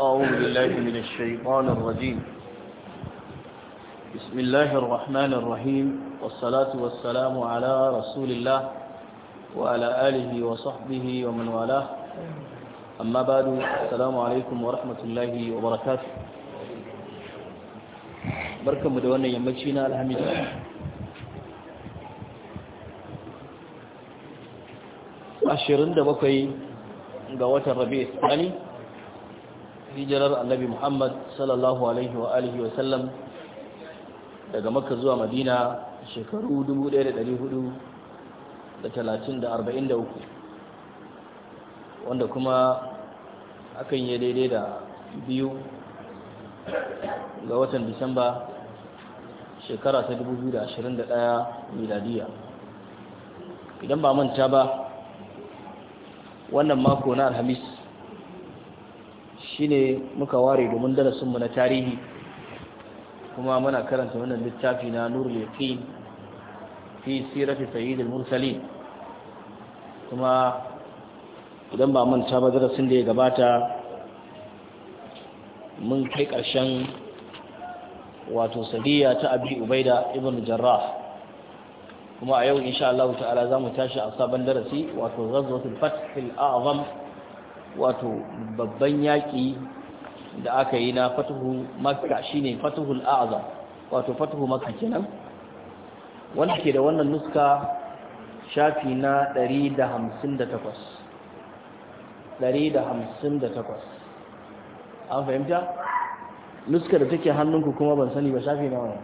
أعوذ بالله من الشيطان الرجيم بسم الله الرحمن الرحيم والصلاة والسلام على رسول الله وعلى آله وصحبه ومن والاه أما بعد السلام عليكم ورحمة الله وبركاته بركة مدونة يمشينا الحمد لله ashirin da bakwai ga watan rabi'u tsani hijirar annabi muhammad sallallahu alaihi wa alihi wa sallam daga makka zuwa madina shekaru 1443 wanda kuma hakan yi daidai da biyu ga watan disamba shekara ta 2021 miladiya idan ba manta ba wannan mako na alhamis Shi ne muka ware domin darasinmu na tarihi kuma muna karanta wannan littafi na nuru ya fi sirati sayyidil mursalin kuma idan ba manta ba darasin da ya gabata mun kai ƙarshen wato sadiya ta abi ubaida ibn jarrah kuma a yau insha Allah ta'ala zamu tashi a sabon darasi wato ghazwatul fath al-a'zam wato babban yaƙi da aka yi na fatuhu makka shine fatuhul a'aza. wato fatuhu makka kenan wanda ke da wannan nuska shafi na 158 158 an fahimta nuska da take hannunku kuma ban sani ba shafi na wani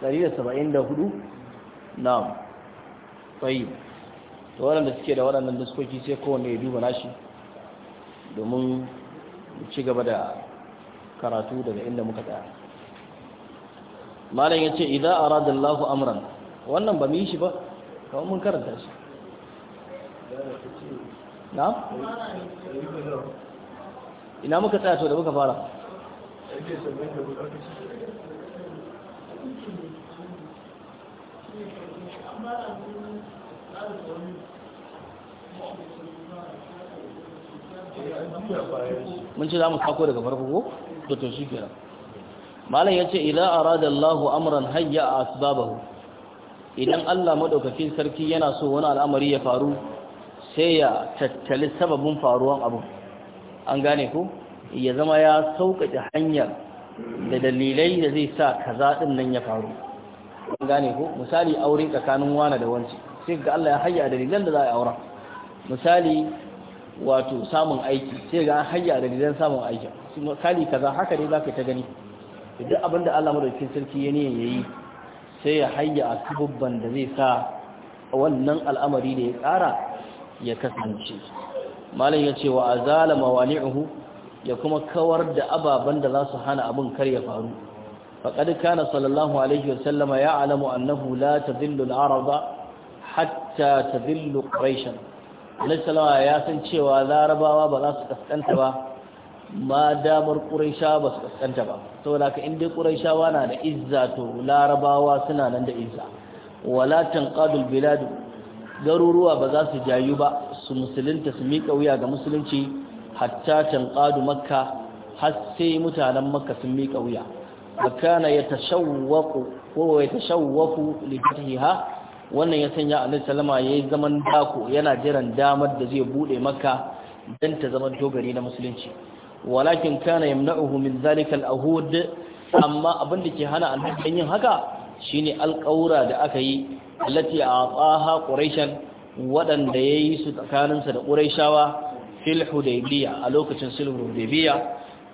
174 na'am tsayi to waɗanda suke da waɗannan diskoki sai kowane ya duba nashi domin ci gaba da karatu daga inda muka tsaya malam ya ce idan arada Allahu amran wannan ba mu yi shi ba kawai mun karanta shi na? ina muka tsaya to da muka fara Thank you. mun ce za mu sako daga farko ko to to shi kenan malam yace idza arada Allahu amran hayya asbabahu idan Allah madaukakin sarki yana so wani al'amari ya faru sai ya tattali sababin faruwan abu an gane ko ya zama ya sauƙaƙe hanyar da dalilai da zai sa kaza din nan ya faru an gane ko misali aure tsakanin wani da wani sai ga Allah ya hayya dalilan da za a yi misali wato samun aiki sai ga an hayya da gidan samun aiki kali kaza haka ne zaka ta gani duk abinda Allah madaukakin sarki ya ne yayi sai ya hayya a kubban da zai sa wannan al'amari da ya ƙara ya kasance malam ya ce wa azala mawani'uhu ya kuma kawar da ababan da za su hana abin kar ya faru faqad kana sallallahu alaihi wa sallama ya'lamu annahu la tadhillu al-araba hatta tadhillu quraishan alaikalawa ya san cewa larabawa ba za su kaskanta ba ma damar ƙuraisha ba su kaskanta ba saboda ka inda ƙuraishawa na da izza to larabawa suna nan da izza wala tanqadul biladu garuruwa ba za su jayu ba su musulunta su miƙa wuya ga musulunci hatta tanqadu makka har sai mutanen makka sun miƙa wuya makana yatashawwaqu wa yatashawwaqu li fatiha wannan ya sanya salama ya yi zaman dako yana jiran damar da zai bude maka danta ta zama dogari na musulunci walakin kana yamna'uhu min zalika al-ahud amma abin da ke hana annabi yin haka shine alƙawura da aka yi allati aqaha quraishan waɗanda yayi su tsakaninsa da quraishawa fil hudaybiya a lokacin sulhu hudaybiya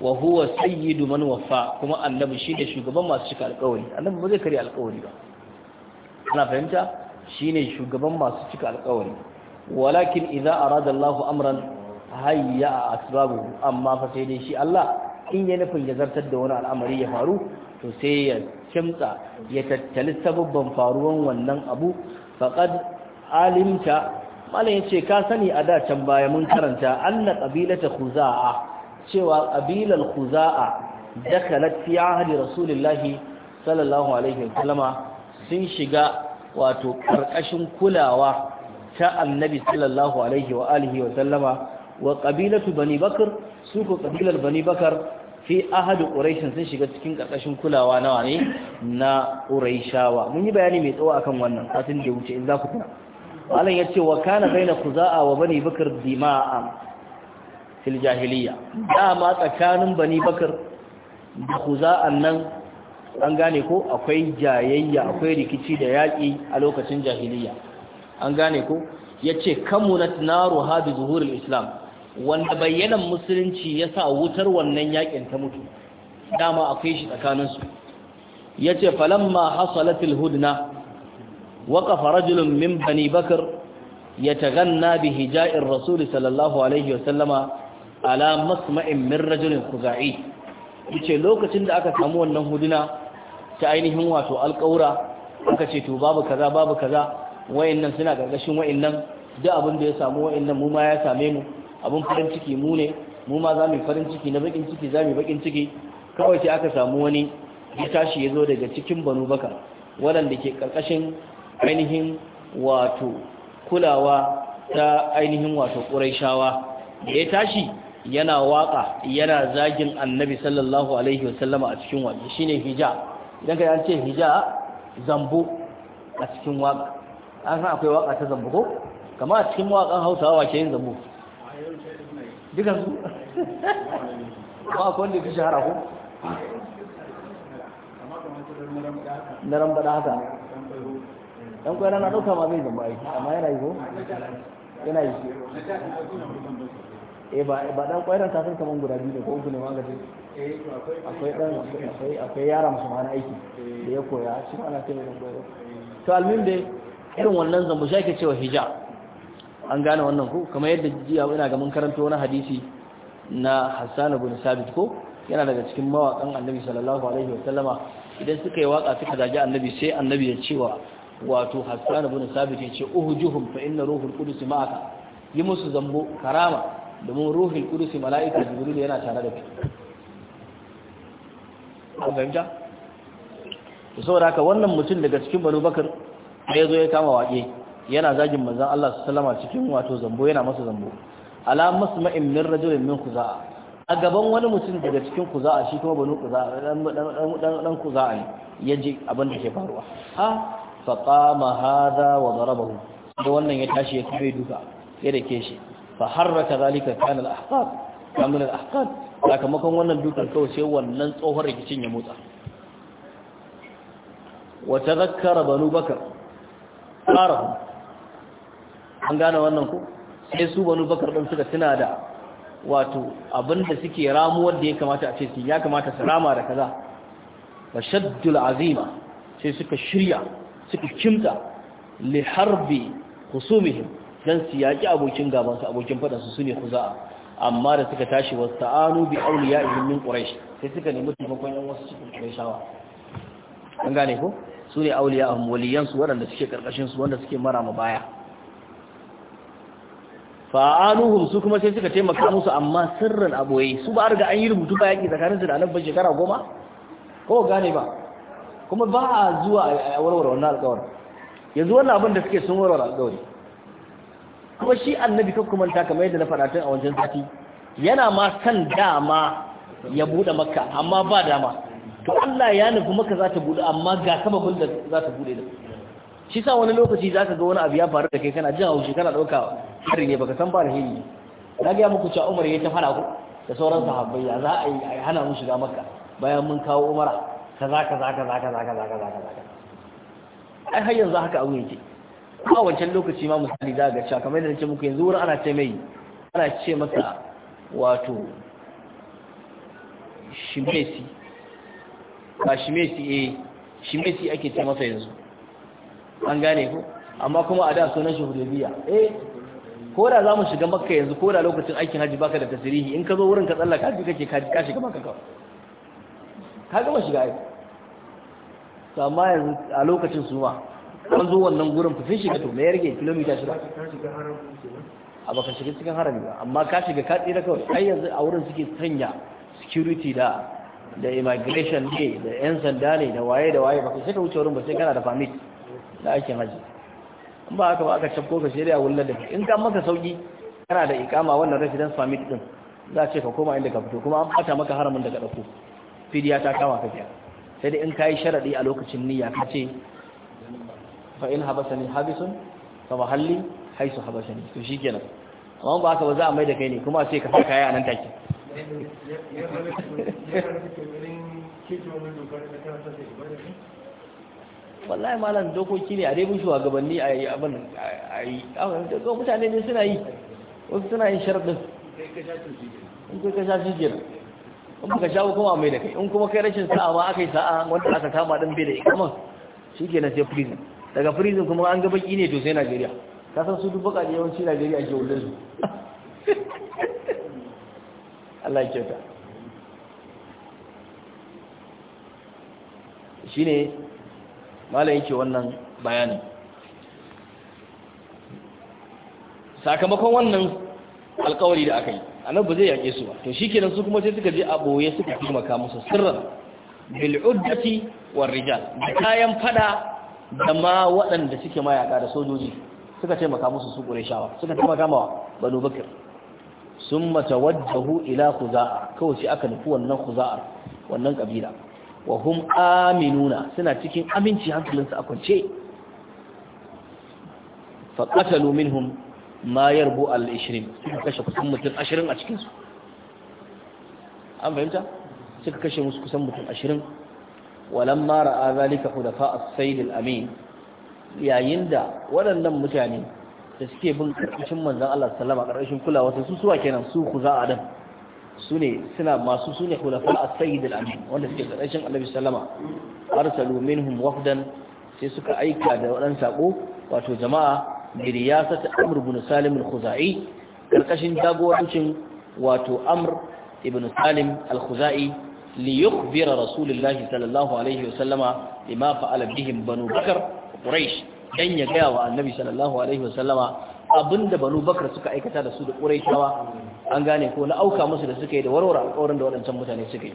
wa huwa sayyidu man waffa kuma annabi shi da shugaban masu cika alƙawari annabi ba zai karya alƙawari ba ana fahimta shine shugaban masu cika alkawari walakin idza arada Allahu amran hayya asbabu amma fa sai dai shi Allah in ya nufin ya zartar da wani al'amari ya faru to sai ya kimtsa ya tattali sababban faruwan wannan abu faqad alimta malam yace ka sani a da can baya mun karanta anna qabilata khuza'a cewa qabilal khuza'a dakalat fi ahdi rasulillahi sallallahu alaihi wasallama sun shiga wato ƙarƙashin kulawa ta annabi sallallahu alaihi wa alihi wa sallama wa ƙabilatu bani bakar su ko ƙabilar bani bakar fi ahadu ƙuraishin sun shiga cikin ƙarƙashin kulawa nawa ne na ƙuraishawa mun yi bayani mai tsawo akan wannan satin da wuce in za ku malam ya ce wa kana baina kuza'a wa bani bakar dima'a fil jahiliya dama tsakanin bani bakar da kuza'an nan an gane ko akwai jayayya akwai rikici da yaƙi a lokacin jahiliya an gane ko ya ce kamunat naru hadu zuhurin islam wanda bayyanan musulunci ya sa wutar wannan yaƙin ta mutu dama akwai shi tsakaninsu ya ce falamma hasalatul hudna waƙafa rajulun min bani bakar ya taganna bi hija'in rasuli sallallahu alaihi wasallama ala masma'in min rajulin kuza'i ce lokacin da aka samu wannan huduna ta ainihin wato alƙaura aka ce to babu kaza babu kaza wayannan suna gargashin wayannan duk abin da ya samu wayannan mu ma ya same mu abin farin ciki mu ne mu ma za mu farin ciki na bakin ciki za mu bakin ciki kawai sai aka samu wani ya tashi ya zo daga cikin banu baka waɗanda ke ƙarƙashin ainihin wato kulawa ta ainihin wato ƙuraishawa da ya tashi yana waƙa yana zagin annabi sallallahu alaihi wasallama a cikin waje shine hijab idan ka yi an ce hija zambo a cikin waka an san akwai waka ta zambo ko kama a cikin wakan hausawa wa ke yin zambo dukkan su ba akwai wanda ya fi shahara ko na rambada haka ɗan kwaya na ɗauka ma zai zamba aiki amma yana yi ko yana yi eh ba ba dan kwairan ta san kaman guda biyu ne ko uku ne ma eh, akwai dan akwai akwai yara musu ma aiki eh. da ya koya shi ma ana kai dan kwairan to almin dai irin wannan zambu shake cewa hija an gane wannan ko kamar yadda jiya ina ga mun karanto wani hadisi na Hassan ibn Sabit ko yana daga cikin mawakan Annabi sallallahu alaihi wasallama idan suka yi waka suka zagi Annabi sai Annabi ya cewa wato Hassan ibn Sabit ya ce uhujuhum fa inna ruhul qudus ma'aka yi musu zambo karama domin ruhul kudusi mala'ika jibril yana tare da kai an fahimta to saboda haka wannan mutum daga cikin Banu Bakar ya zo ya kama waƙe yana zagin manzon Allah sallama cikin wato zambo yana masa zambo ala masma'in min rajulin min khuza'a a gaban wani mutum daga cikin khuza'a shi kuma Banu Khuza'a dan dan dan Khuza'a ne yaji abin da ke faruwa ha fa qama hadha wa darabahu da wannan ya tashi ya kai duka ya dake shi fa harraka zalika kana al-ahqaq kamun al-ahqaq sakamakon wannan dukan kawai sai wannan tsohon rikicin ya motsa wa tadhakkara banu bakar qarahu an gane wannan ko sai su banu bakar din suka tuna da wato abinda suke ramuwar da ya kamata a ce su ya kamata su rama da kaza wa shaddul azima sai suka shirya suka kimta li harbi husumihim dan su yaki abokin gaban su abokin fadan su sune kuza'a amma da suka tashi wasta'anu bi awliya'ihim min quraish sai suka nemi taimakon yan wasu cikin qurayshawa an gane ko su ne awliya'ahum waliyan su waɗanda suke karkashin su wanda suke mara ma baya fa'anuhum su kuma sai suka taimaka musu amma sirrin aboye su ba riga an yi rubutu ba yaki su da annabban shekara goma ko gane ba kuma ba a zuwa a warware wannan alƙawar yanzu wannan abin da suke sun warware alƙawari kuma shi annabi kan kumanta kamar yadda na faɗa tun a wancan sati yana ma san dama ya buɗe makka amma ba dama to Allah ya nufi maka za ta buɗe amma ga sababin da za ta buɗe da shi sa wani lokaci za ka ga wani abu ya faru da kai kana jin haushi kana ɗauka hari ne baka san ba da hiri na gaya muku cewa umar ya ta fara ku da sauran sahabbai ya za a yi a hana mu shiga makka bayan mun kawo umara kaza kaza kaza kaza kaza kaza ai har yanzu haka abu yake a wancan lokaci ma misali za ga cewa kamar yadda nake muku yanzu wurin ana ce mai ana ce masa wato shimesi ba shimesi eh shimesi ake ce masa yanzu an gane ku amma kuma a da sunan shi hudubiya eh ko da za mu shiga makka yanzu ko da lokacin aikin hajji baka da tasirihi in ka zo wurin ka tsallaka hajji kake ka shiga makka kawai ka gama shiga ai to amma yanzu a lokacin su ma an zo wannan gurin fufin shiga to me ya kilomita shida a baka shiga cikin harami ba amma ka shiga ka tsira kawai ai yanzu a wurin suke sanya security da da immigration ne da yan sanda ne da waye da waye baka sai ka wuce wurin ba sai kana da permit da ake haji in ba haka ba aka tabbo ka shirya a wullar da in ka maka sauki kana da ikama wannan residence permit din za a ce ka koma inda ka fito kuma an bata maka haramin da ka dauko fidiya ta kama ka biya sai dai in ka yi sharadi a lokacin niyya ka ce fa in habasani habisun fa mahalli haisu habasani to shi kenan, amma ba haka ba za a mai da kai ne kuma sai ka haka ya nan take wallahi malam dokoki ne a dai bin gabanni a yi abin a yi mutane ne suna yi wasu suna yin sharaɗin in kai ka sha shi kenan in baka sha kuma mai da kai in kuma kai rashin sa'a ma aka yi sa'a wanda aka kama ɗin bai da ikaman shi kenan sai prison daga prison kuma an ga baki ne to sai Najeriya ka san su dubba baka da yawanci Najeriya ke wulle su Allah ya kyauta shine malam yake wannan bayani sakamakon wannan alkawari da aka yi annabi zai yake su ba to shikenan su kuma sai suka je a boye suka taimaka musu sirran bil uddati war rijal kayan fada da ma waɗanda suke mayaka da sojoji suka taimaka musu su shawa suka taimaka ma banu Sun mata tawajjahu ila khuza'a kawai shi aka nufi wannan ku za'ar wannan ƙabila. wa hum aminuna suna cikin aminci hankalinsu a kwance fa qatalu minhum ma yarbu al-20 suka kashe kusan mutum 20 a cikinsu. an fahimta suka kashe musu kusan mutum 20 walamma ra'a zalika hudafa as-sayyid yayin da waɗannan mutane da suke bin karkashin manzon Allah sallama karkashin kulawa su suwa kenan su ku kuza Dan, su ne suna masu su ne hulafa a sayyid amin wanda suke karkashin Allah sallama arsalu minhum wafdan sai suka aika da wadan sako wato jama'a bi riyasat Amr ibn Salim al-Khuzai karkashin jagorancin wato Amr ibn Salim al-Khuzai liyukhbira rasulullahi sallallahu alaihi wasallama bima fa'ala bihim banu bakar quraish dan ya gaya wa annabi sallallahu alaihi sallama. abinda banu bakar suka aikata da su da quraishawa an gane ko na auka musu da suka yi da warware alƙawarin da waɗancan mutane suka yi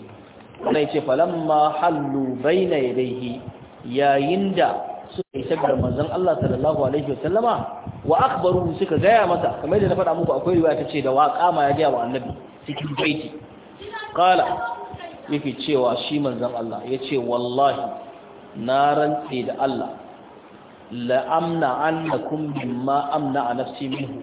wanda yace falamma hallu baina yadayhi yayin da suka isa ga manzon Allah sallallahu alaihi sallama. wa akhbaru suka gaya masa kamar da na faɗa muku akwai riwaya tace da waƙa ma ya gaya wa annabi cikin baiti qala yake cewa shi manzan Allah ya ce wallahi na rantse da Allah la'amna annakum mimma amna a nafsi minhu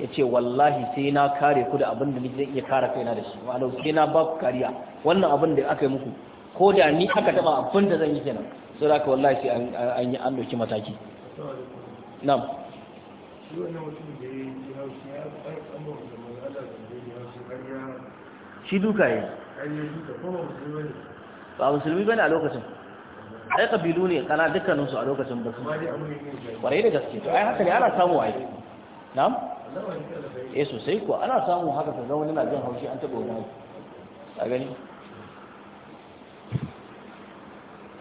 ya ce wallahi sai na kare ku da abin da zai iya kare kaina da shi ma'ana sai na ba ku kariya wannan abin da aka yi muku ko da ni aka taba abin da zan yi kenan sai haka wallahi sai an yi an doki mataki na'am shi duka yi ba musulmi bane a lokacin ai kabilu ne kana dukkaninsu a lokacin ba su. kwarai da gaske to ai haka ne ana samu ai na'am eh sosai kuwa ana samu haka ta zama nuna jin haushi an taɓa wani a gani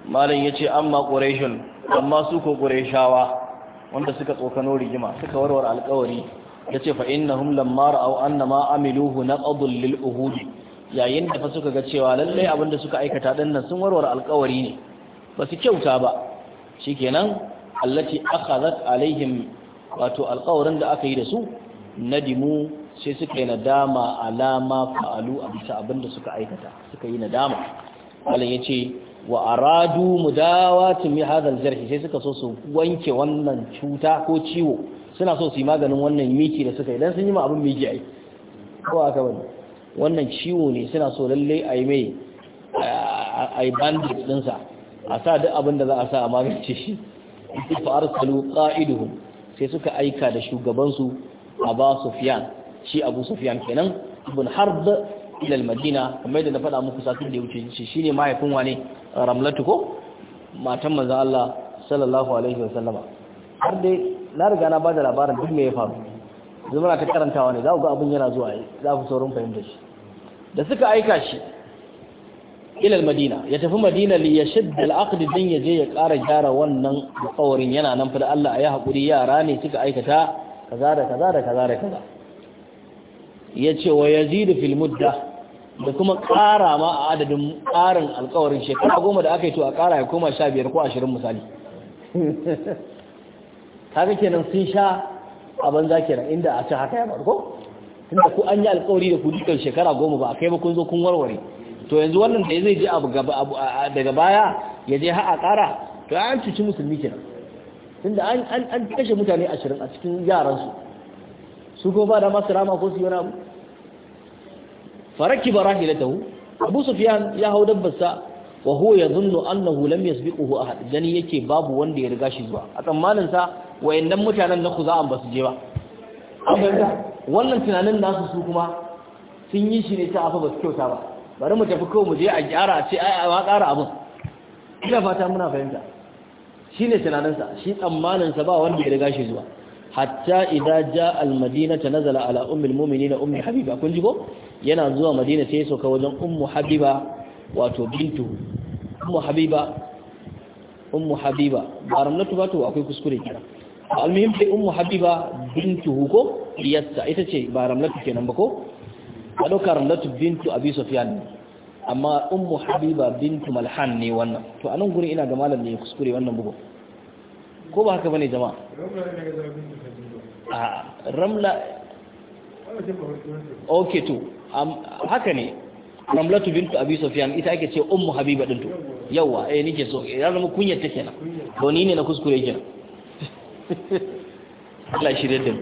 malin ya ce amma ƙorashin amma su ko ƙorashawa wanda suka tsokano rigima suka warware alkawari ya ce fa'in na humlan mara au an na ma amiluhu na ƙadullil uhudi yayin da fa suka ga cewa lallai abin da suka aikata din nan sun warware alƙawari ne ba su kyauta ba shikenan allati akhadhat alaihim wato alƙawarin da aka yi da su nadimu sai suka yi nadama alama fa'alu a bisa abin da suka aikata suka yi nadama malam yace wa aradu mudawatu mi hadha aljarh sai suka so su wanke wannan cuta ko ciwo suna so su yi maganin wannan miki da suka yi dan sun yi ma abin miki ai ko aka wannan ciwo ne suna so lalle a yi mai a yi bandit ɗinsa a sa duk abin da za a sa a magance shi fa'ar salu ƙa'iduhu sai suka aika da shugabansu Aba sufiyan shi Abu sufiyan kenan ibn Harb da madina kamar yadda na faɗa muku satin da ya wuce shi shine mahaifin wane Ramlatu ko matan manzo Allah sallallahu alaihi wa sallama. har dai na riga na da labarin duk me ya faru zuma ta karantawa ne za ku ga abin yana zuwa yi za ku saurin fahimta shi da suka aika shi ilal madina ya tafi madina li yashadda al-aqd din ya je ya ƙara gyara wannan alƙawarin yana nan fa da Allah ayi hakuri yara ne suka aikata kaza da kaza da kaza da kaza Ya ce wa yazidu fil mudda da kuma ƙara ma a adadin ƙarin alƙawarin shekara goma da aka yi to a ƙara ya koma sha biyar ko ashirin misali kaga kenan sun sha a banza kenan inda a ci haka ya farko tunda ku an yi alƙawari da ku dukkan shekara goma ba a kai ba kun zo kun warware to yanzu wannan da zai je abu daga baya ya je ha'a ƙara to an cuci musulmi nan tunda an an kashe mutane ashirin a cikin yaran su su ko ba da masu rama ko su yi wani abu faraki hu abu Sufiyan ya hau dabbarsa wa huwa yadhunnu annahu lam yasbiquhu ahad gani yake babu wanda ya riga shi zuwa a tsammanin sa wayannan mutanen na kuza'an ba su je ba abinda wannan tunanin nasu su kuma sun yi shi ne ta afa ba su kyauta ba bari mu tafi kawai mu je a gyara a ce ai a ƙara abin ina fata muna fahimta shi ne tunaninsa shi tsammaninsa ba wanda ya riga shi zuwa hatta idza jaa ta nazala ala ummil mu'minin ummi habiba kun ji ko yana zuwa madina sai sauka wajen ummu habiba wato bintu ummu habiba ummu habiba ba ramlatu ba to akwai kuskure kira almuhim sai ummu habiba bintu huko diyarta ita ce ba ramlatu kenan ba ko a ɗauka ramlatu bintu abi sufyan amma ummu habiba bintu malhan ne wannan to anan guri ina ga malam ne kuskure wannan bugu ko ba haka bane jama'a a ramla okay to haka ne ramlatu bintu abi sufyan ita ake ce ummu habiba din to yawa eh nike so ya zama kunyar ta kenan to ni ne na kuskure kenan Allah shirye da mu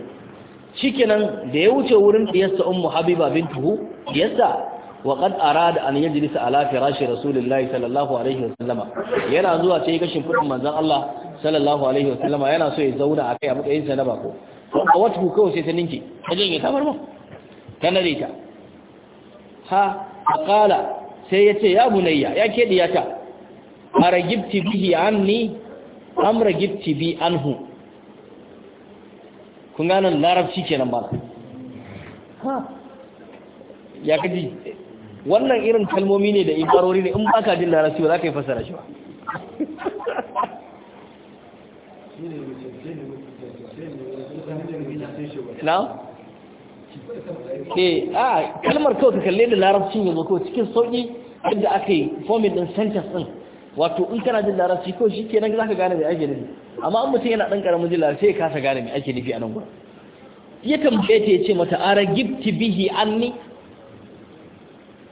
shikenan da ya wuce wurin diyarsa ummu habiba bintuhu diyarsa wa qad arada an yajlisa ala firashi rasulillahi sallallahu alaihi wasallama yana zuwa sai gashin fudin manzon Allah sallallahu alaihi wasallama yana so ya zauna akai a matsayin sa na bako a wata kawai sai ta ninki ta janye ta barba ta nare ta ha qala sai yace ya bunayya ya kediyata aragibti bihi anni amra gibti bi anhu kun gane larabci kenan ba ya kaji wannan irin kalmomi ne da ibarori ne in baka jin larabci ba za ka yi fasara shi ba na? ke eh, a kalmar kawai ka kalle da larabci yanzu ko cikin sauki yadda aka yi fomin ɗin sentence ɗin wato in kana jin larabci ko shi kenan za ka gane mai ake nufi amma an mutum yana ɗan ƙaramin jin larabci sai ya kasa gane mai ake nufi a nan gurin ya tambaye ta ya ce mata ara gifti bihi anni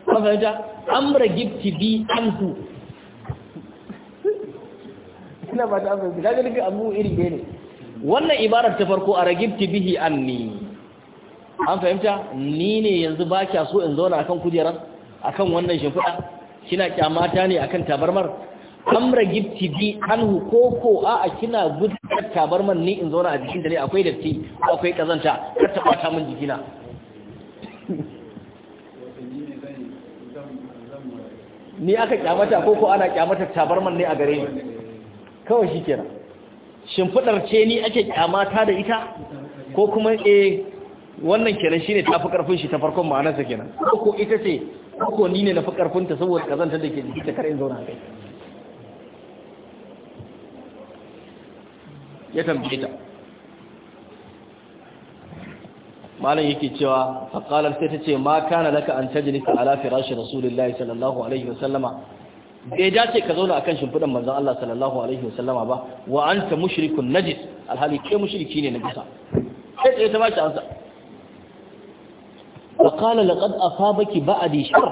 mafahimta amra gifti bi ku? ina ba ta amfani kaga duka abu iri ɗaya ne wannan ibarar ta farko ara gifti bihi an ni? an fahimta ni ne yanzu ba kya so in zauna akan kujerar akan wannan shimfiɗa kina kyamata ne akan tabarmar amra gifti bi anhu ko ko a a kina tabar man ni in zauna a jikin da ne akwai datti akwai kazanta kar ta fata min jikina ni aka kyamata ko ko ana kyamata man ne a gare ni kawai shikenan shimfidar ce ni ake kyamata da ita ko kuma eh wannan kenan shine tafi karfin shi ta farkon ma'anarsa kenan ko ko ita ce ko ko ni ne na fi karfin ta saboda kazanta da ke jiki ta kar in zauna a kai ya tambaye ta malam yake cewa faqalar sai ta ce ma kana laka an ka ala firashi rasulullahi sallallahu alaihi wasallama bai dace ka zauna akan shimfidan manzon Allah sallallahu alaihi wasallama ba wa anta mushrikun najis alhali kai mushriki ne najisa sai tsaye ta bashi ansa faqala laqad asabaki ba'di shar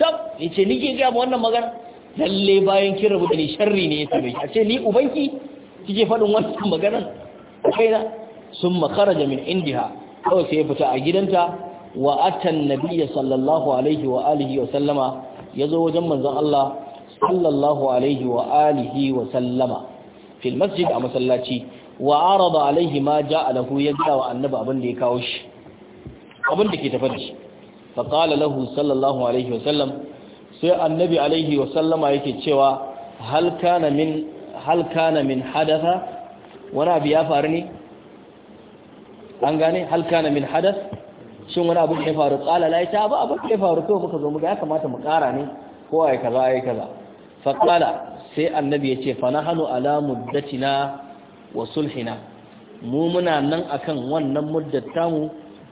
sab yace ni ke ga wannan magana lalle bayan kin rabu da ni sharri ne ya same a ce ni ubanki kike faɗin wannan maganar kaina sun makaraja min indiha kawai sai ya fita a gidanta wa atan nabiyya sallallahu alaihi wa alihi wa sallama ya zo wajen manzan Allah sallallahu alaihi wa alihi wa sallama fil masjid a masallaci wa arada alaihi ma ja alahu ya ga wa annabi abin da ya kawo shi abin da ke tafi da shi fa qala lahu sallallahu alaihi wa sallam sai annabi alaihi wa sallama yake cewa hal kana min hal kana min hadatha wani abu ya faru ne an gane hal kana min hadath shin wani abu ya faru qala la ta ba abu ya faru to muka zo muga ya kamata mu kara ne ko ai kaza ai kaza fa qala sai annabi ya ce fa hannu ala muddatina wa sulhina mu muna nan akan wannan muddar tamu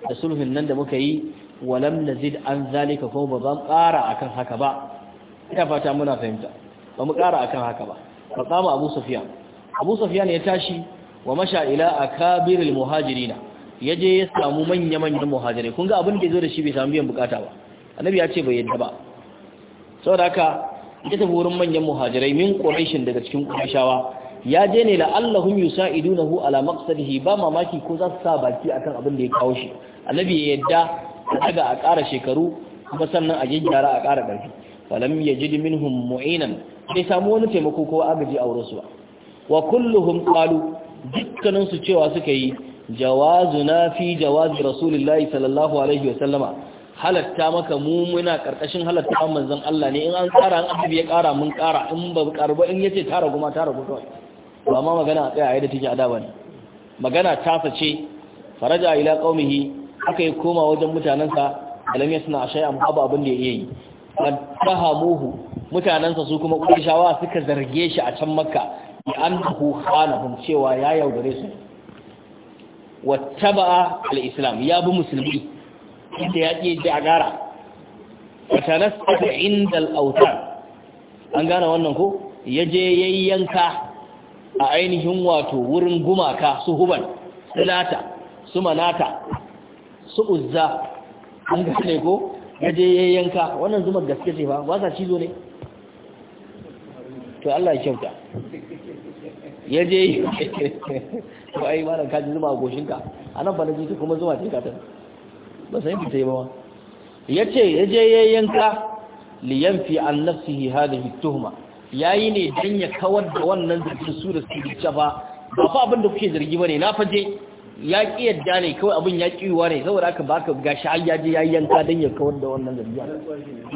da sulhin nan da muka yi walam nazid an zalika ko ba zan kara akan haka ba ina fata muna fahimta ba mu kara akan haka ba faqama abu Safiya. abu sufyan ya tashi wa Masha'ila a akabiril muhajirina yaje ya samu manya manyan muhajirai kun ga abin da zo da shi bai samu biyan bukata ba annabi ya ce bai yadda ba saboda haka ya tafi wurin manyan muhajirai min quraishin daga cikin qurayshawa ya je ne la'allahum yusaidunahu ala maqsadihi ba mamaki ko za su sa baki akan abin da ya kawo shi annabi ya yadda daga a ƙara shekaru kuma sannan a gyara a ƙara ƙarfi falam yajid minhum mu'inan sai samu wani taimako ko agaji a wurin su ba wa kulluhum qalu dukkanin su cewa suka yi jawazuna fi jawazi rasulillahi sallallahu alaihi wa sallama halatta maka mu muna karkashin halatta manzon Allah ne in an tsara an abu ya kara mun kara in ba karba in yace tara kuma tara kawai. to amma magana a tsaya a yadda take a daba ne magana tasa ce faraja ila qaumihi aka yi koma wajen mutanansa alam yasna shay'an abu abin da yi. muhu, mutanansa su kuma qurayshawa suka zarge shi a can makka bi annahu khanahum cewa ya yaudare su wattaba'a al-islam ya bi musulmi inda ya ke da agara watanasta inda al-awtar an gane wannan ko je yayyanka a ainihin wato wurin gumaka su huban nata, su manata su uzza an gane ko ya je ya yanka wannan zuma gaske ce ba ba sa cizo ne to Allah ya kyauta ya je to ai malam ka ji zuma a goshinka anan ba na ji kuma zuma ce ka ta ba sai fita yi ba wa yace yaje ya yanka li yanfi an nafsihi hadhihi tuhma yayi ne dan ya kawar da wannan zargin su da su ba ba fa abin da kuke zargi bane na faje ya ƙi yadda ne kawai abin ya ƙiwa ne saboda aka ka gashi har ya je ya yanka don ya kawar da wannan zargiya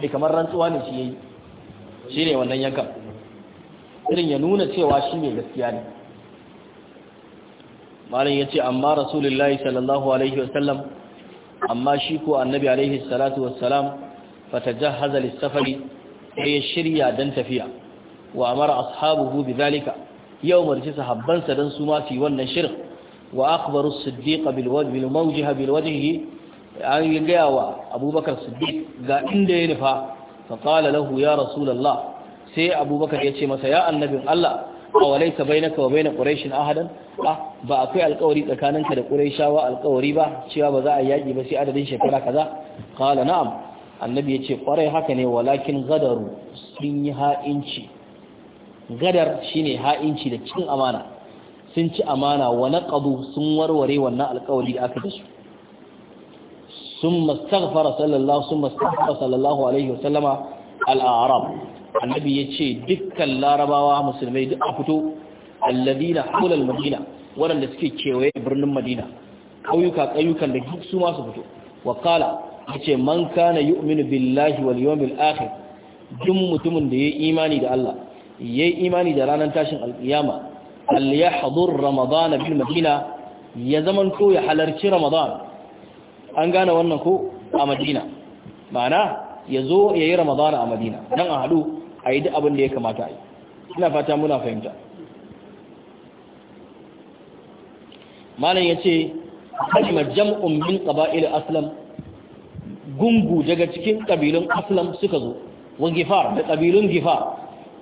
da kamar rantsuwa ne shi ya yi shi ne wannan yanka irin ya nuna cewa shi ne gaskiya ne malam ya ce amma rasulullahi sallallahu alaihi wasallam amma shi ko annabi alaihi salatu wassalam fatajahhaza lis-safari sai ya shirya don tafiya wa amara ashabuhu bidhalika yau marci sahabbansa don su ma yi wannan shirin وأخبروا الصديق بالوجه بالموجه بالوجه أن يقاوى أبو بكر الصديق قال إن ينفع فقال له يا رسول الله سي أبو بكر يتشمس يا النبي الله أوليس بينك وبين قريش أحدا ba akwai alkawari tsakaninka da Qurayshawa alkawari ba cewa ba za a yaki ba sai adadin shekara kaza qala na'am annabi yace kwarai haka ne walakin gadaru sun yi ha'inci gadar shine ha'inci da cikin amana sun ci amana wa naqadu sun warware wannan alƙawari da aka dasu sun mastaghfara sallallahu sun mastaghfara sallallahu alaihi wasallama al-a'rab annabi yace dukkan larabawa musulmai duk a fito alladina hawla al-madina waɗanda suke kewaye birnin madina ƙauyuka ƙauyukan da duk su masu fito wa qala yace man kana yu'minu billahi wal yawmil akhir duk mutumin da yayi imani da Allah yayi imani da ranar tashin alƙiyama al yahdur ramadan bil madina ya zaman to ya halarci ramadan an gane wannan ko a madina ma'ana ya zo ya yi ramadan a madina dan a hadu a yi duk abin da ya kamata a yi ina fata muna fahimta malam ya ce kalimar jam'un min ƙaba'il aslam gungu daga cikin kabilun aslam suka zo wa gifar da kabilun gifar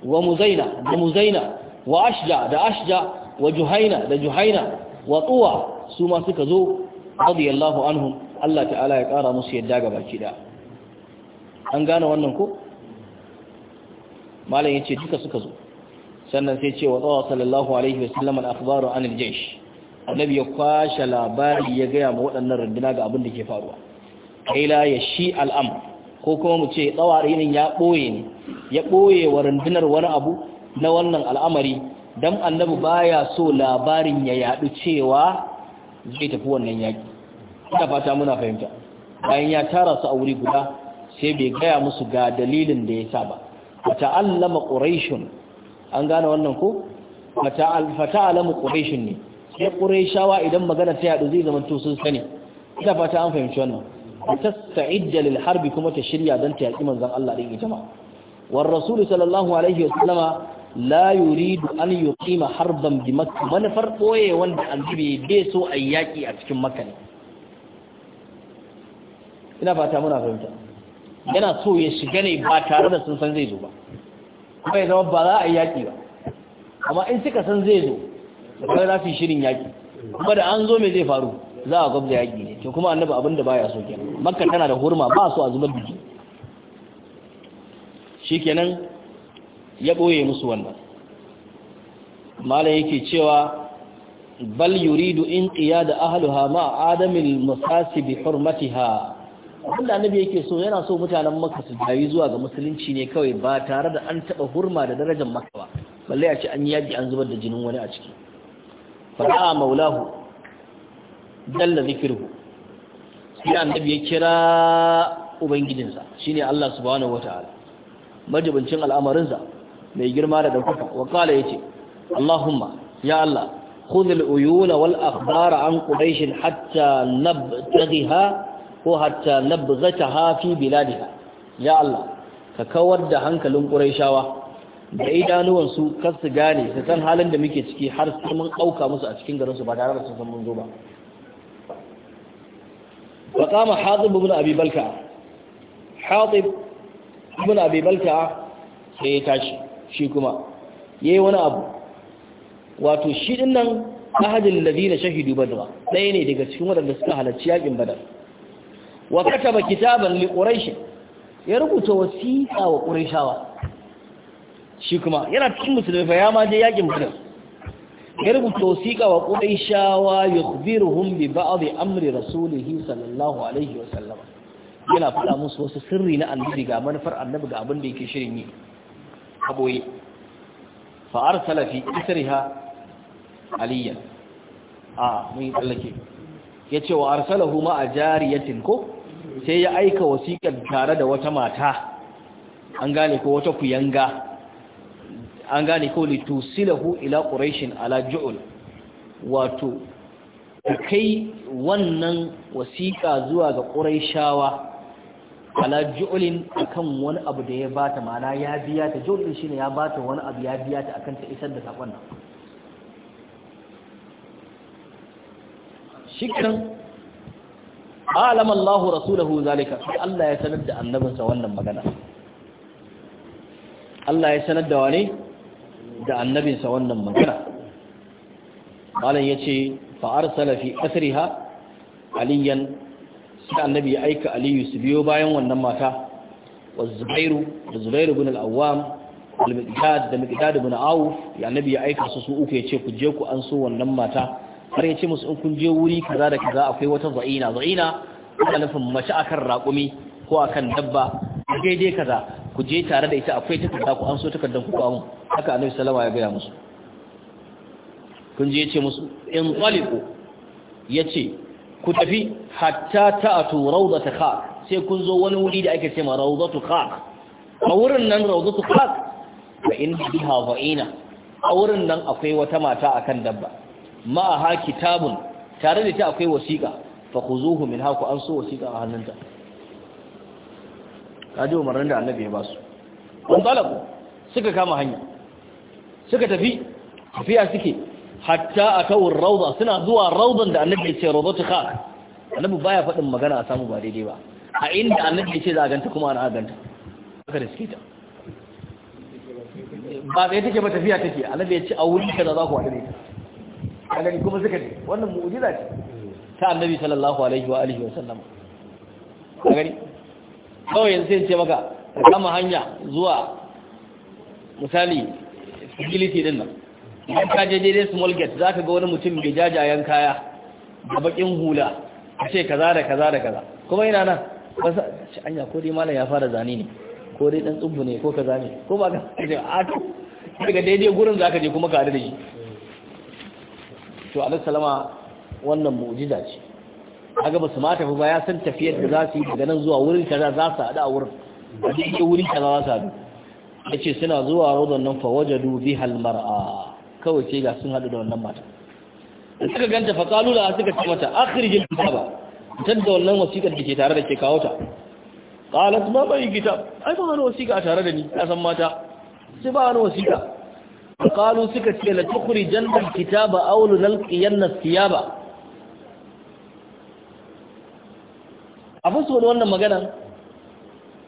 wa muzaina da muzaina wa ashja da ashja wa juhaina da juhaina wa tuwa su ma suka zo radiyallahu anhum Allah ta'ala ya kara musu yadda ga baki da an gane wannan ko malam yace duka suka zo sannan sai ce wa tsawa sallallahu alaihi wasallam al-akhbaru an al-jaysh annabi ya kwashe labari ya gaya ma waɗannan runduna ga abin da ke faruwa kaila ya shi al'am ko kuma mu ce tsawarinin ya boye ne ya ɓoye wa rundunar wani abu na wannan al'amari dan annabi baya so labarin ya yadu cewa zai tafi wannan yaki ina fata muna fahimta bayan ya tara su a wuri guda sai bai gaya musu ga dalilin da ya sa ba alama quraishun an gane wannan ko alama quraishun ne sai quraishawa idan magana ta yadu zai zama to sun sani ina fata an fahimci wannan sa'idda lil harbi kuma ta shirya dan ta yaki manzan Allah din ita ma war rasul sallallahu alaihi wasallama la yuridu an yuqima harban bi makka manufar boye wanda annabi bai so a yi yaƙi a cikin makka ne ina fata muna fahimta yana so ya shiga ne ba tare da sun san zai zo ba kuma ya zama ba za a yi yaƙi ba amma in suka san zai zo da kai za su shirin yaƙi. kuma da an zo me zai faru za a gwabza yaƙi ne to kuma annabi da baya so kenan makka tana da hurma ba so a zubar biki shikenan ya ɓoye musu wannan malam yake cewa bal yuridu in qiya da ahluha ma adamin masasi bi ha wanda annabi yake so yana so mutanen maka su dayi zuwa ga musulunci ne kawai ba tare da an taɓa hurma da darajar maka ba balle a ce an yaji an zubar da jinin wani a ciki fara'a maulahu dalla zikirhu sai annabi ya kira ubangijinsa shine Allah subhanahu wataala majibincin al'amarinsa mai girma da dauka wa ya ce Allahumma ya Allah khudh al wal akhbar an quraish hatta nabtaghiha ko hatta nabghataha fi biladiha ya Allah ka kawar da hankalin quraishawa da idanuwan su kar su gane su san halin da muke ciki har sai mun auka musu a cikin garin su ba tare da sun san mun zo ba wa qama hadib ibn abi balka ibn abi balka sai ya tashi shi kuma yayi wani abu wato shi ɗin nan ahadul ladina shahidu badra ɗaya ne daga cikin waɗanda suka halarci yakin badar wa kataba kitaban li quraish ya rubuta wasiqa wa quraishawa shi kuma yana cikin musulmi fa ya ma je yakin badar ya rubuta wasiqa wa quraishawa yukhbiruhum bi ba'd amri rasulih sallallahu alaihi wasallam yana faɗa musu wasu sirri na annabi ga manufar annabi ga abin da yake shirin yi haɓoye fa'ar salafi isriha aliyan a mun yi tsallake ya ce wa arsalahu ma a jariyatin ko sai ya aika wasiƙar tare da wata mata an gane ko wata kuyanga an gane ko litusilahu ila quraishin ala ju'ul wato kai wannan wasiƙa zuwa ga quraishawa ala ju'ulin akan wani abu da ya bata ma'ana ya biya ta ju'ulin shine ya bata wani abu ya biya ta akan ta isar da sakon nan shikran alam Allah rasulahu zalika Allah ya sanar da annabinsa wannan magana Allah ya sanar da wani da annabinsa wannan magana malam yace fa arsala fi asriha aliyan sai annabi ya aika aliyu su biyo bayan wannan mata wa zubairu da zubairu bin al'awam al-miqdad da miqdad bin awu ya annabi ya aika su su uku ya ce ku je ku an so wannan mata har ya ce musu in kun je wuri kaza da kaza akwai wata za'ina za'ina ana nufin mace akan raƙumi ko akan dabba daidai kaza ku je tare da ita akwai kaza ku an so takardar ku kawo haka annabi sallama ya gaya musu kun je ya musu in taliqu yace ku tafi hatta ta'atu rawdatu khaq sai kun zo wani wuri da ake cewa rawdatu khaq a wurin nan rawdatu khaq fa in biha fa'ina a wurin nan akwai wata mata akan dabba Ma ma'aha kitabun tare da ta akwai wasiqa fa khuzuhu min haku an so wasiqa a hannunta kaji umarnin da annabi ya ba su an talabu suka kama hanya suka tafi tafiya suke hatta akawun rawda suna zuwa rawdan da annabi ya ce rawdatu khak annabi baya fadin magana a samu ba daidai ba a inda annabi ya ce za a ganta kuma ana ganta haka da suke ta ba sai take ba tafiya take annabi ya ce a wuri kaza za ku haɗu ne ta gani kuma suka ce wannan mu'jiza ce ta annabi sallallahu alaihi wa alihi wa sallam ka gani kawai yanzu sai ce maka kama hanya zuwa misali facility din nan idan ka je daidai small gate za ka ga wani mutum mai jajayen kaya da bakin hula a ce kaza da kaza da kaza kuma ina nan wasu anya ko dai malam ya fara zane ne ko dai dan tsubu ne ko kaza ne ko ba ka ce a to daga daidai gurin za ka je kuma ka da shi to alaihi salama wannan mu'jiza ce kaga ba su ma tafi ba ya san tafiyar da za su yi daga nan zuwa wurin kaza za su haɗu a wurin a duk wurin kaza za su haɗu ce suna zuwa rawdan nan fa wajadu bihal mar'a kawai ce ga sun haɗu da wannan mata da suka ganta faƙalu da suka ce mata akhrijil kitaba tun da wannan wasiƙar da ke tare da ke kawo ta qalat ma bai kitab ai ba wani wasiƙa tare da ni ka san mata sai ba wani wasiƙa qalu suka ce la tukhrijan al kitaba aw lanqiyanna thiyaba a fasu da wannan magana?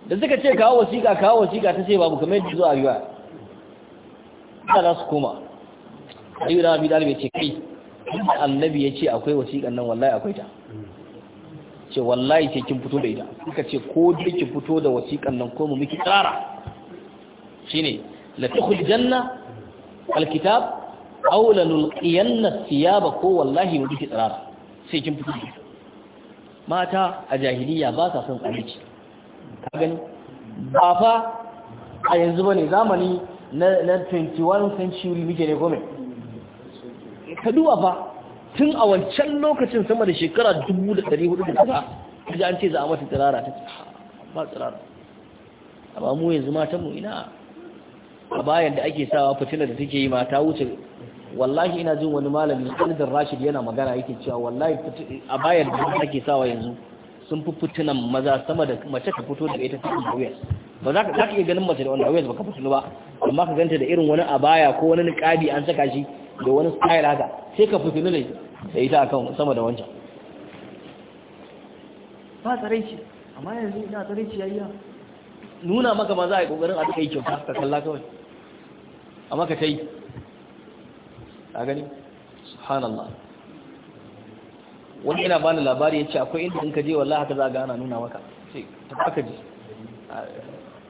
da suka ce kawo wasiƙa kawo wasiƙa ta ce babu kamar yadda zuwa riwaya ta za su koma aliyu na abi dalib ya ce kai inda annabi ya ce akwai wasiƙan nan wallahi akwai ta ce wallahi sai kin fito da ita kika ce ko dai ki fito da wasiƙan nan ko mu miki tsara shine la tukhul janna alkitab awla lil qiyanna thiyaba ko wallahi mu miki tsara sai kin fito mata a jahiliya ba sa son tsarici ka gani ba fa a yanzu bane zamani na 21 century muke ne gome ka duwa ba, tun a wancan lokacin sama da shekara dubu da ɗari hudu da ta kaji an ce za a mata tsirara ta ba tsirara amma mu yanzu matan mu ina a bayan da ake sawa fitina da take yi mata wuce wallahi ina jin wani malami Khalidin Rashid yana magana yake cewa wallahi a bayan da ake sawa yanzu sun fi fitinan maza sama da mace ka fito da ita cikin wuyar ba za ka iya ganin mace da wanda wuyar ba ka fito ba amma ka ganta da irin wani abaya ko wani niƙabi an saka shi da wani style haka sai ka fitinu da da ita akan sama da wancan ba tsaraici amma yanzu ina tsaraici yayi nuna maka ma za a yi kokarin a duka yi kyauta ka kalla kawai amma ka ta yi a gani subhanallah wani yana bani labari ya ce akwai inda in ka je wallahi haka za a gana nuna maka sai ta baka ji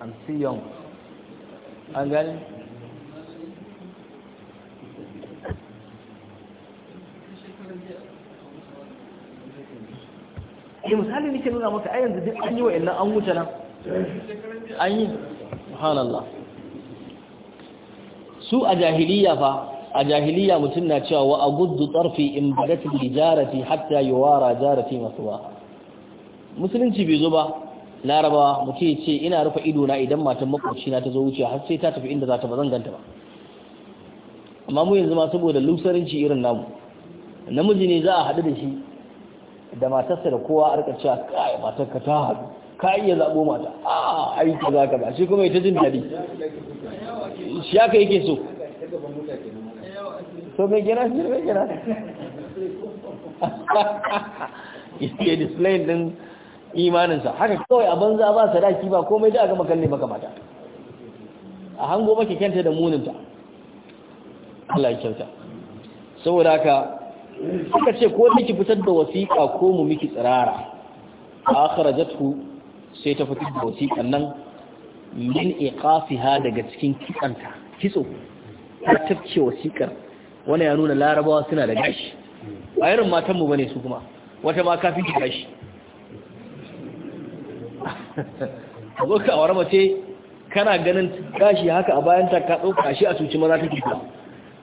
an siyan an gani eh misali nake nuna maka ai yanzu duk an yi wa'annan an wuce nan an yi subhanallah su a jahiliya fa a jahiliya mutum na cewa wa aguddu tsarfi in bagatin lijarati hatta yuwara jarati ba. musulunci bai zo ba laraba mutum ce ina rufe ido na idan matan makwabci na ta zo wuce har sai ta tafi inda za ta ba zan ganta ba amma mu yanzu ma saboda lusarinci irin namu namiji ne za a haɗu da shi da matarsa da kowa a cewa kai matar ka ta haɗu ka iya zaɓo mata a ah, aiki za ka ba shi kuma ita jin daɗi shi haka yake so so mai gina shi mai gina Iske display din imaninsa haka kawai a banza ba sadaki ba komai da aka makalle maka mata a hango maka kyanta da muninta Allah ya kyauta saboda haka suka ce ko miki fitar da wasiƙa ko mu miki tsirara akhrajathu sai ta fitar da wasiƙan nan min iqafiha daga cikin kitsanta kitso ta tafke wasiƙar wani ya nuna larabawa suna da gashi a irin matan mu bane su kuma wata ma kafin ki gashi zo ka awar mace kana ganin gashi haka a bayan ta ka ɗauka shi a cuci maza take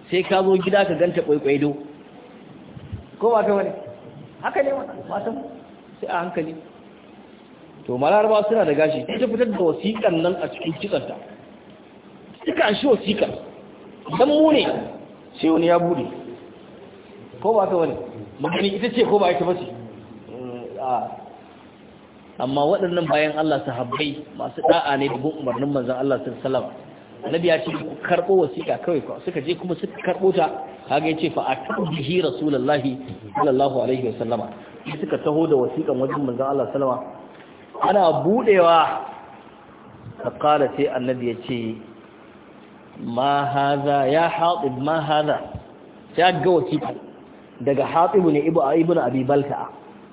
sai ka zo gida ka ganta ƙwaiƙwaido ko ba ka wani haka ne matan sai a hankali to ba suna da gashi ta fitar da wasiƙan nan a cikin kitsanta suka shi wasiƙa dan mu ne sai wani ya bude ko ba ka wani magani ita ce ko ba ita ba ce mm, amma waɗannan bayan Allah su habbai masu ɗa'a ne da bin umarnin manzan Allah sallallahu alaihi wasallam annabi ya ce ku karɓo wasiƙa kawai suka je kuma suka karɓo ta kaga yace fa atu bihi rasulullahi sallallahu alaihi wasallama suka taho da wasiƙan wajen manzon Allah sallama ana budewa faqala sai annabi yace ma hadha ya hatib ma hadha ya ga wasiƙa daga hatib ne ibnu abi balta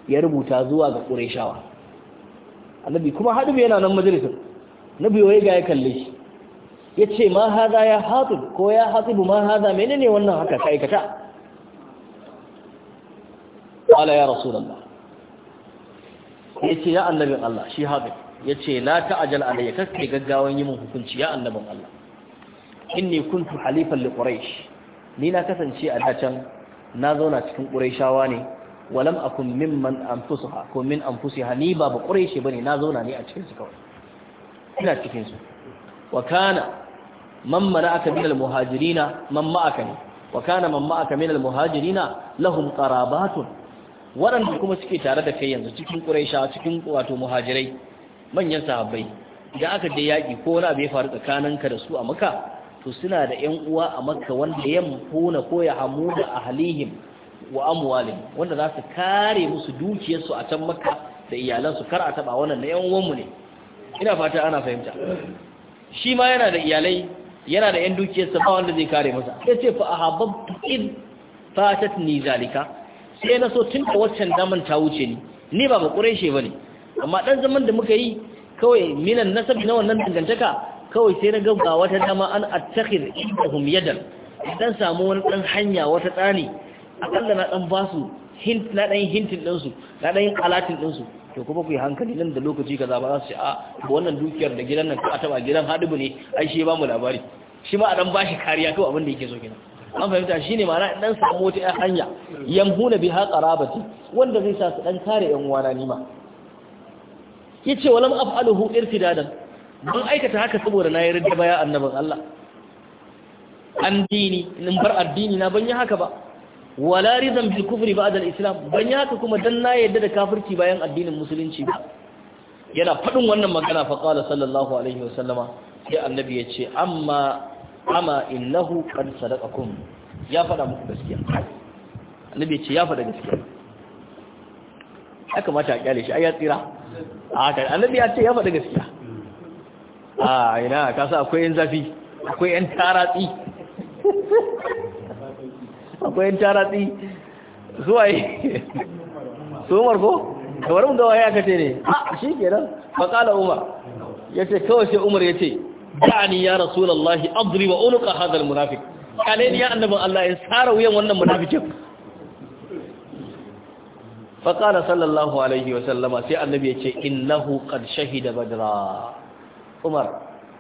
ya rubuta zuwa ga qurayshawa annabi kuma hadu yana nan majalisin nabi waye ga ya kalle shi ya ce ma haza ya hatu ko ya bu ma haza ne wannan haka ka aikata ala ya rasulullah ya ce ya annabin Allah shi hatib ya ce la ala ya kake gaggawan yi mun hukunci ya annabin Allah inni kuntu halifan li quraish ni na kasance a dacan na zauna cikin quraishawa ne walam akun mimman anfusuha ko min anfusiha ni ba ba quraishi bane na zauna ne a cikin su kawai ina cikin Wakana kana man mana'aka minal muhajirina man ne Wakana kana minal muhajirina lahum qarabatun waɗanda kuma suke tare da kai yanzu cikin quraisha cikin wato muhajirai manyan sahabbai idan aka je yaƙi ko wani abu ya faru tsakaninka da su a maka to suna da ƴan uwa a maka wanda ya mfuna ko ya hamu da ahlihim wa amwalin wanda za su kare musu dukiyarsu a can maka da iyalansu kar a taba wannan na ƴan uwanmu ne ina fata ana fahimta shi ma yana da iyalai yana da yan dukiyarsa ba wanda zai kare masa sai ce fa ahabbtu id fatatni zalika sai na so tun da waccan zaman ta wuce ni ni ba bakureshe bane amma dan zaman da muka yi kawai minan nasabi na wannan dangantaka kawai sai na ga wata dama an attakhir indahum yadan dan samu wani dan hanya wata tsani akalla na dan basu hint na dan hintin ɗinsu, na dan alatin dinsu to kuma ku yi hankali nan da lokaci kaza ba za su a ah, wannan dukiyar da gidan nan ko a taba gidan hadubu ne ai shi ba mu labari shi ma a dan bashi kariya to abin da yake so gidan an fahimta shine ma'ana dan samu wata ɗan hanya yamhuna biha qarabati wanda zai sa su dan kare 'yan uwana nima yace walam af'aluhu irtidadan ban aikata haka saboda na yarda baya annabin Allah an dini in bar addini na ban yi haka ba wala rizan bil kufri ba'da al islam ban yaka kuma dan na yadda da kafirci bayan addinin musulunci ba yana faɗin wannan magana fa qala sallallahu alaihi wasallama sai annabi ya ce amma amma innahu qad sadaqakum ya faɗa muku gaskiya annabi ya ce ya faɗa gaskiya ya kamata a kyale shi ai ya tsira a haka annabi ya ce ya faɗa gaskiya a ina ka sa akwai yin zafi akwai yan taratsi akwai taratsi zuwaye su umar ko kamar mu da waye aka ce ne a shi kenan faqala umar ya ce kawai sai umar ya ce, da'ani ya rasulallah Abdul wa unuqa hadha almunafiq kale ni ya annabin Allah ya sara wuyan wannan munafikin faqala sallallahu alaihi wa sallama sai annabi ya yace innahu qad shahida badra umar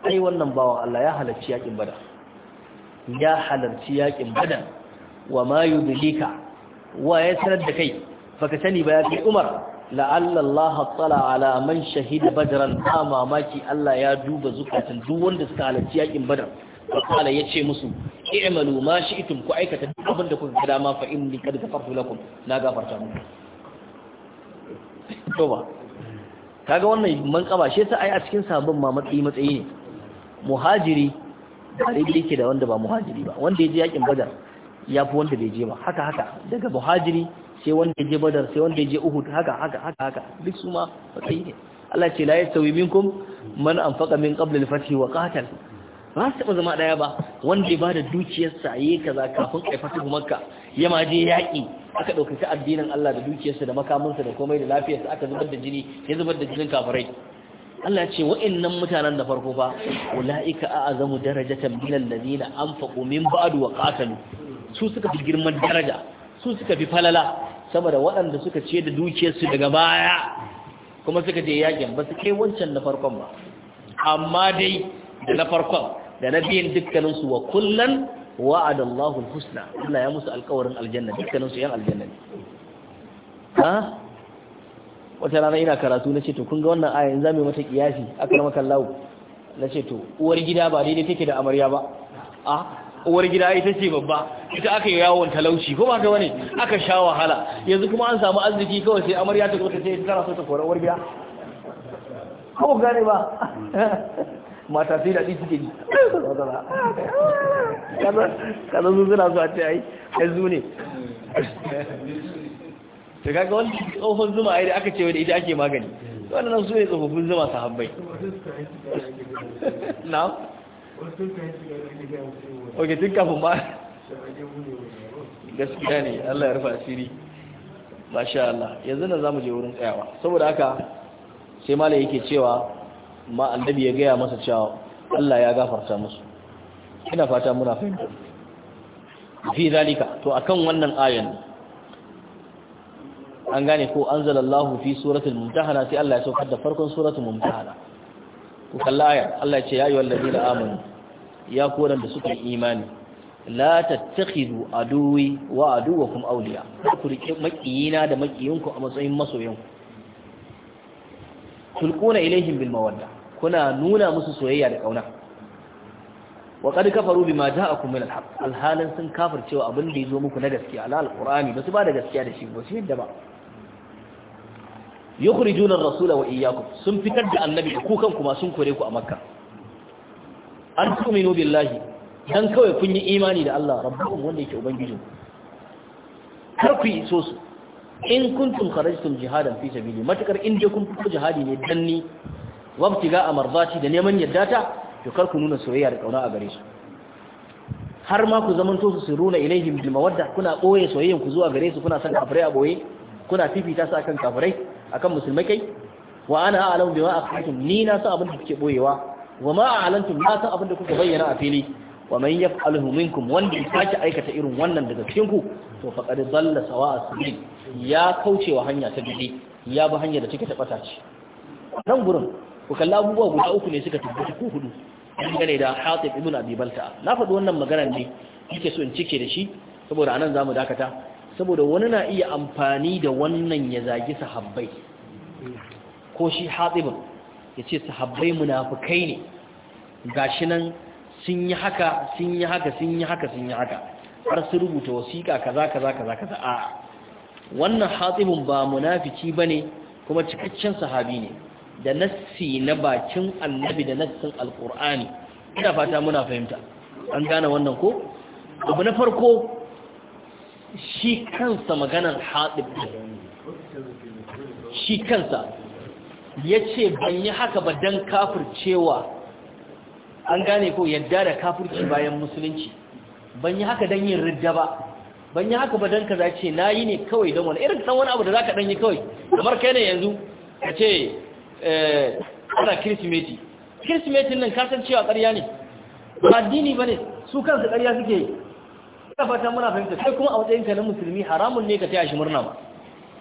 ai wannan bawan Allah ya halarci yakin badar ya halarci yakin badar wa ma yudlika wa ya sanar da kai baka sani ba ya fi. umar la'alla Allah tsala ala man shahida badran A mamaki Allah ya duba zukatan duk wanda suka halarci yakin badar kala ya ce musu i'malu ma shi'tum ku aikata duk abin da kuka gada ma fa inni kad ghafartu lakum na gafarta muku to ba kaga wannan kaba shi yasa ai a cikin sabon ma matsayi matsayi ne muhajiri ba yake da wanda ba muhajiri ba wanda ya je yakin badar ya fi wanda bai je ba haka haka daga buhajiri sai wanda ya je badar sai wanda ya je uhud haka haka haka haka duk su ma matsayi ne Allah ce la yastawi minkum man anfaqa min qabl al-fath wa qatal ba su taba zama daya ba wanda ya bada dukiyarsa yayi kaza kafin kai fatu makka ya ma je yaki aka dauki addinin Allah da dukiyarsa da makamansa da komai da lafiyarsa aka zubar da jini ya zubar da jinin kafirai Allah ce wa'annan mutanen da farko fa ulaika azamu darajatan min alladhina anfaqu min ba'd wa qatalu su suka fi girman daraja su suka fi falala saboda waɗanda suka ce da dukiyarsu daga baya kuma suka je yakin ba su kai wancan na farkon ba amma dai da na farkon da na biyan dukkaninsu wa kullan wa'adallahu husna Allah ya musu alƙawarin aljanna dukkaninsu yan aljanna ne ha wata rana ina karatu na ce to kun ga wannan ayin za mu mata kiyasi akalmakallahu na ce to uwar gida ba daidai take da amarya ba a uwar gida ita ce babba ita aka yi yawon talauci ko ba ka wani aka sha wahala yanzu kuma an samu arziki kawai sai amarya ta kuma ta ce tana so ta kora uwar gida ko gane ba mata sai da suke yi kada su suna so a ce ai yanzu ne ta kaga wani tsohon zuma ai da aka ce wani ita ake magani wannan su ne tsofaffin zuma sahabbai na ok tun kafin ba gaskiya ne allah ya rufa asiri masha Allah yanzu nan zamu je wurin tsayawa saboda haka sai malai yake cewa ma annabi ya gaya masa cewa Allah ya gafarta musu ina fata muna fahimta fi zalika to akan wannan ayan an gane ko anzalallahu fi suratul mumtahana sai Allah ya saukar da farkon suratul mumtahana ku kalla Allah ya ce ya ayyuhallazina amanu ya koran da suka imani la tattakhidu aduwi wa aduwakum awliya ku rike makiyina da makiyinku a matsayin masoyanku tulquna ilaihim bil mawadda kuna nuna musu soyayya da kauna wa qad kafaru bima ja'akum min al haqq al halan sun cewa abin da yazo muku na gaskiya ala al qur'ani su ba da gaskiya da shi ba su yadda ba yukhrijuna ar-rasula wa iyyakum sun fitar da annabi ku kanku ma sun kore ku a makka an tuminu billahi dan kawai kun yi imani da Allah rabbukum wanda yake ubangijin kar ku iso su in kuntum kharajtum jihadan fi sabili matakar in je kun fito jihadi ne dan ni wabtiga amardati da neman yadda ta to kar ku nuna soyayya da kauna a gare su har ma ku zamanto su siruna ilaihim bil mawadda kuna boye soyayyan ku zuwa gare su kuna san kafirai a boye kuna fifita su akan kafirai akan musulmai kai wa ana a'lamu bima akhfatum ni na sa abin da kuke boyewa wa ma a'lantum na san abin da kuka bayyana a fili wa man yaf'aluhu minkum wanda ya sake aikata irin wannan daga cikin ku to faqad dalla sawa'a sabil ya kauce wa hanya ta dide ya bi hanya da take ta bata ce nan gurin ku kalla abubuwa guda uku ne suka tabbata ku hudu dangane da Hatib ibn Abi Balta na faɗi wannan magana ne yake so in cike da shi saboda anan zamu dakata saboda wani na iya amfani da wannan ya zagi sahabbai ko shi Hatibin ya ce sahabbai munafukai ne gashi nan sun yi haka sun yi haka sun yi haka sun yi haka har su rubuta wasiƙa kaza kaza kaza kaza a wannan hatibun ba ba bane kuma cikakken sahabi ne da nassi na bakin annabi da nassin alqur'ani ina fata muna fahimta an gane wannan ko abu na farko shi kansa maganar hatib shi kansa ya ce ban yi haka ba don cewa an gane ko yadda da kafirci bayan musulunci ban yi haka don yin ridda ba ban yi haka ba don ka zace na yi ne kawai don wani irin san wani abu da za ka ɗanyi kawai kamar kai ne yanzu ka ce eh, ana kirsimeti kirsimetin nan kasancewa ƙarya ne ba dini ba ne su kansu ƙarya suke yi ta fata muna fahimta sai kuma a wajen kanin na musulmi haramun ne ka taya shi murna ba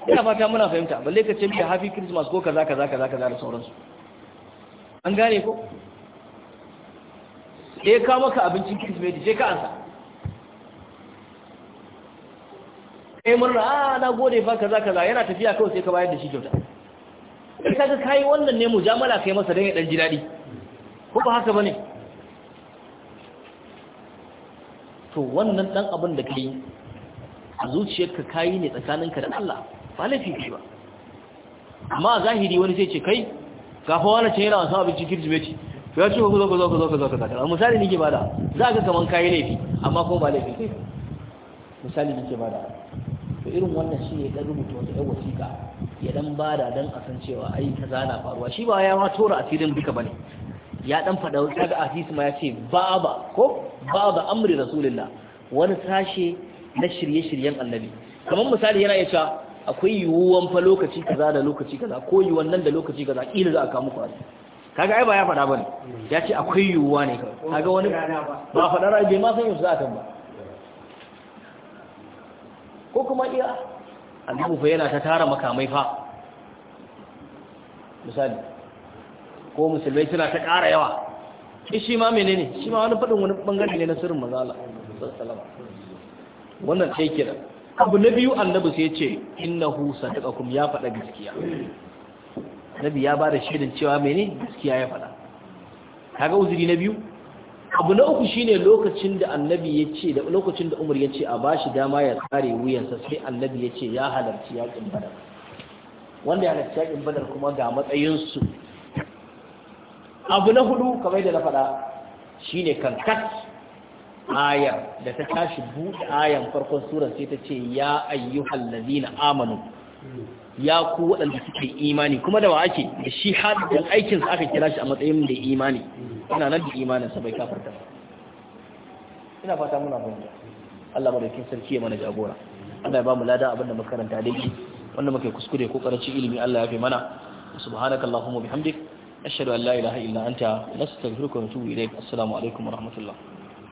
ina fata muna fahimta balle ka ce mai happy christmas ko kaza kaza kaza kaza da sauransu an gane ko da ya maka abincin kirsimeti je ka ansa kai murna a ah, na gode fa kaza kaza yana tafiya kawai sai ka bayar da shi kyauta sai kaga kai wannan ne mujamala kai masa dan ya dan ji dadi ko ba haka bane to wannan dan abin da kai a zuciyarka kayi ne tsakaninka da Allah ba laifin ki ba amma zahiri wani sai ce kai kafa wani ce yana wasu cikin kirjimeti ya ce ku zo ku zo ku zo ku zo ku zo misali nike bada za ka kaman kayi laifi amma kuma ba laifin kai misali nike bada to irin wannan shi ya ɗan rubuta wata yan wasiƙa ya dan bada don a san cewa ai ta zana faruwa shi ba ya ma tora asirin duka ne. ya dan fada ga asisi ma ya ce ba ko ba amri rasulullah wani sashe na shirye-shiryen annabi kamar misali yana iya cewa akwai yiwuwan fa lokaci kaza da lokaci kaza ko yiwuwan nan da lokaci kaza kila za a kawo muku arziki kaga ai ba ya faɗa bane ya ce akwai yiwuwa ne kaga wani ba faɗa rai bai ma san yau za a ba ko kuma iya annabi fa yana ta tara makamai fa misali ko musulmai suna ta ƙara yawa shi ma menene shi ma wani fadin wani bangare ne na sirrin manzo Allah sallallahu alaihi wasallam wannan sai kira abu na biyu annabi sai ce innahu sadaqakum ya faɗa gaskiya nabi ya bada shaidan cewa mene gaskiya ya faɗa kaga uzuri na biyu abu na uku shine lokacin da annabi ya ce da lokacin da umar ya ce a bashi dama ya tsare wuyansa sai annabi ya ce ya halarci yaƙin badar wanda ya halarci yakin badar kuma ga matsayinsu abu na hudu kamar da na faɗa shine kankat ayar da ta tashi buɗe ayar farkon surar sai ta ce ya ayyuhal ladina amanu ya ku waɗanda suke imani kuma da wa ake da shi hadin aikinsa aka kira shi a matsayin da imani ina nan da imaninsa bai kafarta ba ina fata muna fahimta Allah madaukin sarki ya mana jagora Allah ya ba mu lada abinda muka karanta daidai wanda muka kuskure ko karanci ilimi Allah ya fi mana subhanaka allahumma bihamdik ashhadu an la ilaha illa anta nastaghfiruka wa natubu ilaik assalamu alaikum wa rahmatullah